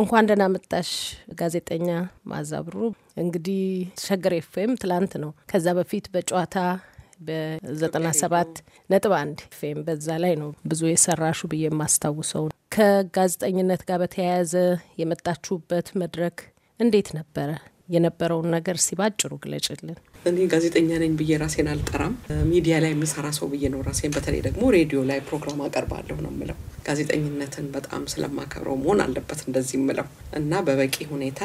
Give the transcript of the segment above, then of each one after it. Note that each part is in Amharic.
እንኳን ደህና መጣሽ ጋዜጠኛ ማዛብሩ እንግዲህ ሸገር ኤፍኤም ትላንት ነው። ከዛ በፊት በጨዋታ በዘጠና ሰባት ነጥብ አንድ ኤፍኤም በዛ ላይ ነው ብዙ የሰራሹ ብዬ የማስታውሰው። ከጋዜጠኝነት ጋር በተያያዘ የመጣችሁበት መድረክ እንዴት ነበረ? የነበረውን ነገር ሲባጭሩ ግለጭልን። እኔ ጋዜጠኛ ነኝ ብዬ ራሴን አልጠራም። ሚዲያ ላይ የምሰራ ሰው ብዬ ነው ራሴን። በተለይ ደግሞ ሬዲዮ ላይ ፕሮግራም አቀርባለሁ ነው ምለው። ጋዜጠኝነትን በጣም ስለማከብረው መሆን አለበት እንደዚህ ምለው እና በበቂ ሁኔታ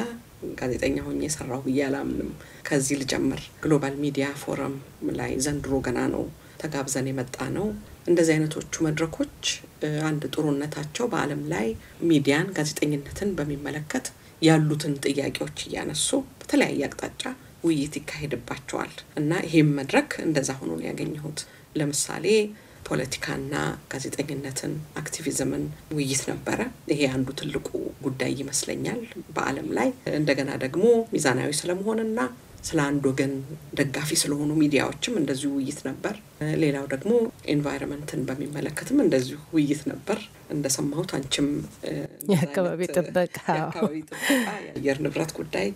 ጋዜጠኛ ሆኜ የሰራው ብዬ አላምንም። ከዚህ ልጀምር። ግሎባል ሚዲያ ፎረም ላይ ዘንድሮ ገና ነው ተጋብዘን የመጣ ነው። እንደዚህ አይነቶቹ መድረኮች አንድ ጥሩነታቸው በዓለም ላይ ሚዲያን ጋዜጠኝነትን በሚመለከት ያሉትን ጥያቄዎች እያነሱ በተለያየ አቅጣጫ ውይይት ይካሄድባቸዋል እና ይሄም መድረክ እንደዛ ሆኖ ነው ያገኘሁት። ለምሳሌ ፖለቲካና ጋዜጠኝነትን፣ አክቲቪዝምን ውይይት ነበረ። ይሄ አንዱ ትልቁ ጉዳይ ይመስለኛል በዓለም ላይ እንደገና ደግሞ ሚዛናዊ ስለመሆንና ስለ አንድ ወገን ደጋፊ ስለሆኑ ሚዲያዎችም እንደዚሁ ውይይት ነበር። ሌላው ደግሞ ኤንቫይሮንመንትን በሚመለከትም እንደዚሁ ውይይት ነበር። እንደሰማሁት አንቺም የአካባቢ ጥበቃ፣ የአየር ንብረት ጉዳይ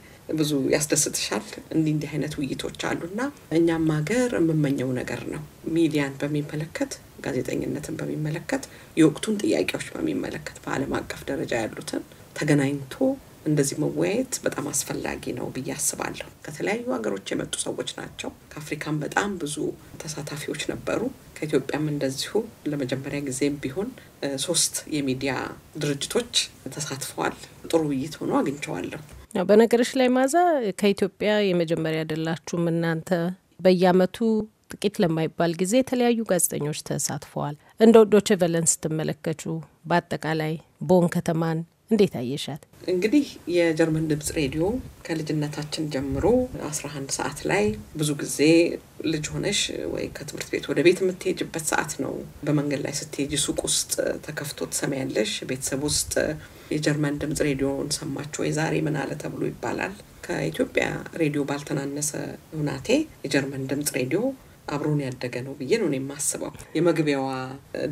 ብዙ ያስደስትሻል። እንዲህ እንዲህ አይነት ውይይቶች አሉና እኛም ሀገር የምመኘው ነገር ነው ሚዲያን በሚመለከት ጋዜጠኝነትን በሚመለከት የወቅቱን ጥያቄዎች በሚመለከት በዓለም አቀፍ ደረጃ ያሉትን ተገናኝቶ እንደዚህ መወያየት በጣም አስፈላጊ ነው ብዬ አስባለሁ። ከተለያዩ ሀገሮች የመጡ ሰዎች ናቸው። ከአፍሪካም በጣም ብዙ ተሳታፊዎች ነበሩ። ከኢትዮጵያም እንደዚሁ ለመጀመሪያ ጊዜም ቢሆን ሶስት የሚዲያ ድርጅቶች ተሳትፈዋል። ጥሩ ውይይት ሆኖ አግኝቸዋለሁ። በነገሮች ላይ ማዛ ከኢትዮጵያ የመጀመሪያ አይደላችሁም እናንተ በየአመቱ ጥቂት ለማይባል ጊዜ የተለያዩ ጋዜጠኞች ተሳትፈዋል። እንደ ዶቼ ቨለን ስትመለከቱ በአጠቃላይ ቦን ከተማን እንዴት አየሻት? እንግዲህ የጀርመን ድምጽ ሬዲዮ ከልጅነታችን ጀምሮ 11 ሰዓት ላይ ብዙ ጊዜ ልጅ ሆነሽ ወይ ከትምህርት ቤት ወደ ቤት የምትሄጅበት ሰዓት ነው። በመንገድ ላይ ስትሄጅ ሱቅ ውስጥ ተከፍቶ ትሰሚያለሽ። ቤተሰብ ውስጥ የጀርመን ድምጽ ሬዲዮን ሰማችሁ ወይ ዛሬ ምን አለ ተብሎ ይባላል። ከኢትዮጵያ ሬዲዮ ባልተናነሰ ሁናቴ የጀርመን ድምጽ ሬዲዮ አብሮን ያደገ ነው ብዬ ነው የማስበው። የመግቢያዋ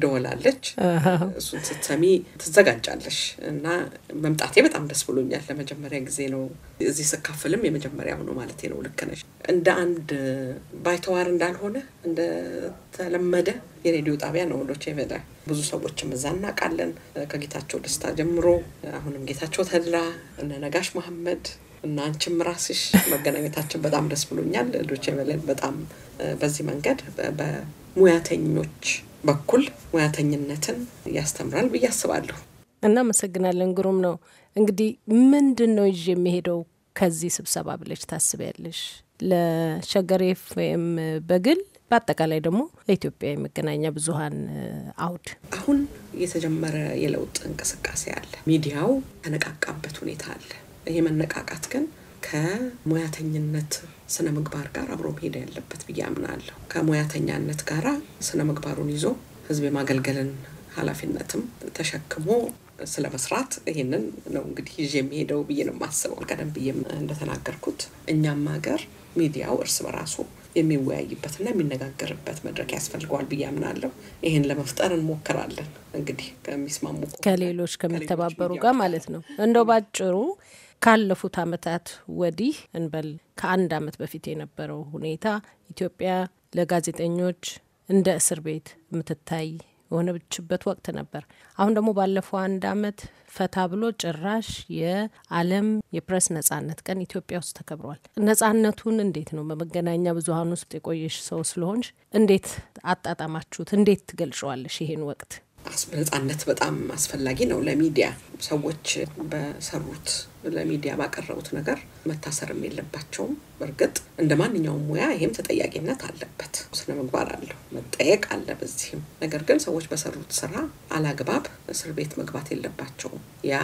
ደወላለች። እሱን ስትሰሚ ትዘጋጃለሽ እና መምጣቴ በጣም ደስ ብሎኛል። ለመጀመሪያ ጊዜ ነው እዚህ ስካፍልም የመጀመሪያ ሆኖ ማለት ነው። ልክ እንደ አንድ ባይተዋር እንዳልሆነ እንደተለመደ የሬዲዮ ጣቢያ ነው ዶቼ የበለ ብዙ ሰዎችም እዛ እናውቃለን፣ ከጌታቸው ደስታ ጀምሮ አሁንም ጌታቸው ተድላ፣ እነ ነጋሽ መሐመድ እና አንቺም ራስሽ መገናኘታችን በጣም ደስ ብሎኛል። ዶቼ ቬለን በጣም በዚህ መንገድ በሙያተኞች በኩል ሙያተኝነትን ያስተምራል ብዬ አስባለሁ። እናመሰግናለን። ግሩም ነው። እንግዲህ ምንድን ነው ይዤ የሚሄደው ከዚህ ስብሰባ ብለሽ ታስቢያለሽ? ለሸገር ኤፍ ኤም በግል በአጠቃላይ ደግሞ ለኢትዮጵያ የመገናኛ ብዙኃን አውድ አሁን የተጀመረ የለውጥ እንቅስቃሴ አለ። ሚዲያው ተነቃቃበት ሁኔታ አለ። ይሄ መነቃቃት ግን ከሙያተኝነት ስነ ምግባር ጋር አብሮ መሄድ ያለበት ብዬ አምናለሁ። ከሙያተኛነት ጋራ ስነ ምግባሩን ይዞ ህዝብ የማገልገልን ኃላፊነትም ተሸክሞ ስለ መስራት ይህንን ነው እንግዲህ ይዤ የሚሄደው ብዬ ነው የማስበው። ቀደም ብዬ እንደተናገርኩት እኛም ሀገር ሚዲያው እርስ በራሱ የሚወያይበትና የሚነጋገርበት መድረክ ያስፈልገዋል ብዬ አምናለሁ። ይህን ለመፍጠር እንሞክራለን እንግዲህ ከሚስማሙ ከሌሎች ከሚተባበሩ ጋር ማለት ነው እንደው ባጭሩ ካለፉት አመታት ወዲህ እንበል ከአንድ አመት በፊት የነበረው ሁኔታ ኢትዮጵያ ለጋዜጠኞች እንደ እስር ቤት የምትታይ የሆነችበት ወቅት ነበር። አሁን ደግሞ ባለፈው አንድ አመት ፈታ ብሎ ጭራሽ የዓለም የፕሬስ ነጻነት ቀን ኢትዮጵያ ውስጥ ተከብሯል። ነጻነቱን እንዴት ነው በመገናኛ ብዙኃን ውስጥ የቆየሽ ሰው ስለሆንሽ እንዴት አጣጣማችሁት? እንዴት ትገልጨዋለሽ ይሄን ወቅት? ነጻነት በጣም አስፈላጊ ነው ለሚዲያ ሰዎች በሰሩት ለሚዲያ ባቀረቡት ነገር መታሰርም የለባቸውም። እርግጥ እንደ ማንኛውም ሙያ ይህም ተጠያቂነት አለበት፣ ስነ ምግባር አለው፣ መጠየቅ አለ በዚህም። ነገር ግን ሰዎች በሰሩት ስራ አላግባብ እስር ቤት መግባት የለባቸውም። ያ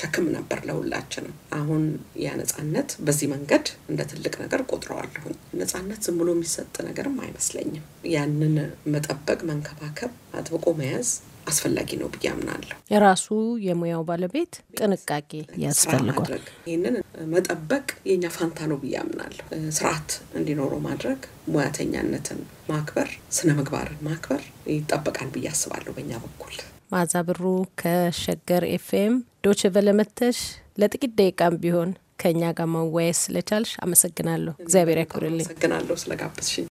ሸክም ነበር ለሁላችንም። አሁን ያ ነጻነት በዚህ መንገድ እንደ ትልቅ ነገር ቆጥረዋለሁኝ። ነጻነት ዝም ብሎ የሚሰጥ ነገርም አይመስለኝም። ያንን መጠበቅ፣ መንከባከብ፣ አጥብቆ መያዝ አስፈላጊ ነው ብዬ አምናለሁ። የራሱ የሙያው ባለቤት ጥንቃቄ ያስፈልጓል። ይህንን መጠበቅ የኛ ፋንታ ነው ብዬ አምናለሁ። ስርዓት እንዲኖረው ማድረግ፣ ሙያተኛነትን ማክበር፣ ስነ ምግባርን ማክበር ይጠበቃል ብዬ አስባለሁ በእኛ በኩል። ማዛ ብሩ ከሸገር ኤፍኤም ዶች በለመተሽ ለጥቂት ደቂቃም ቢሆን ከእኛ ጋር መወያየት ስለቻልሽ አመሰግናለሁ። እግዚአብሔር ያክብርልኝ። አመሰግናለሁ ስለጋበዝሽኝ።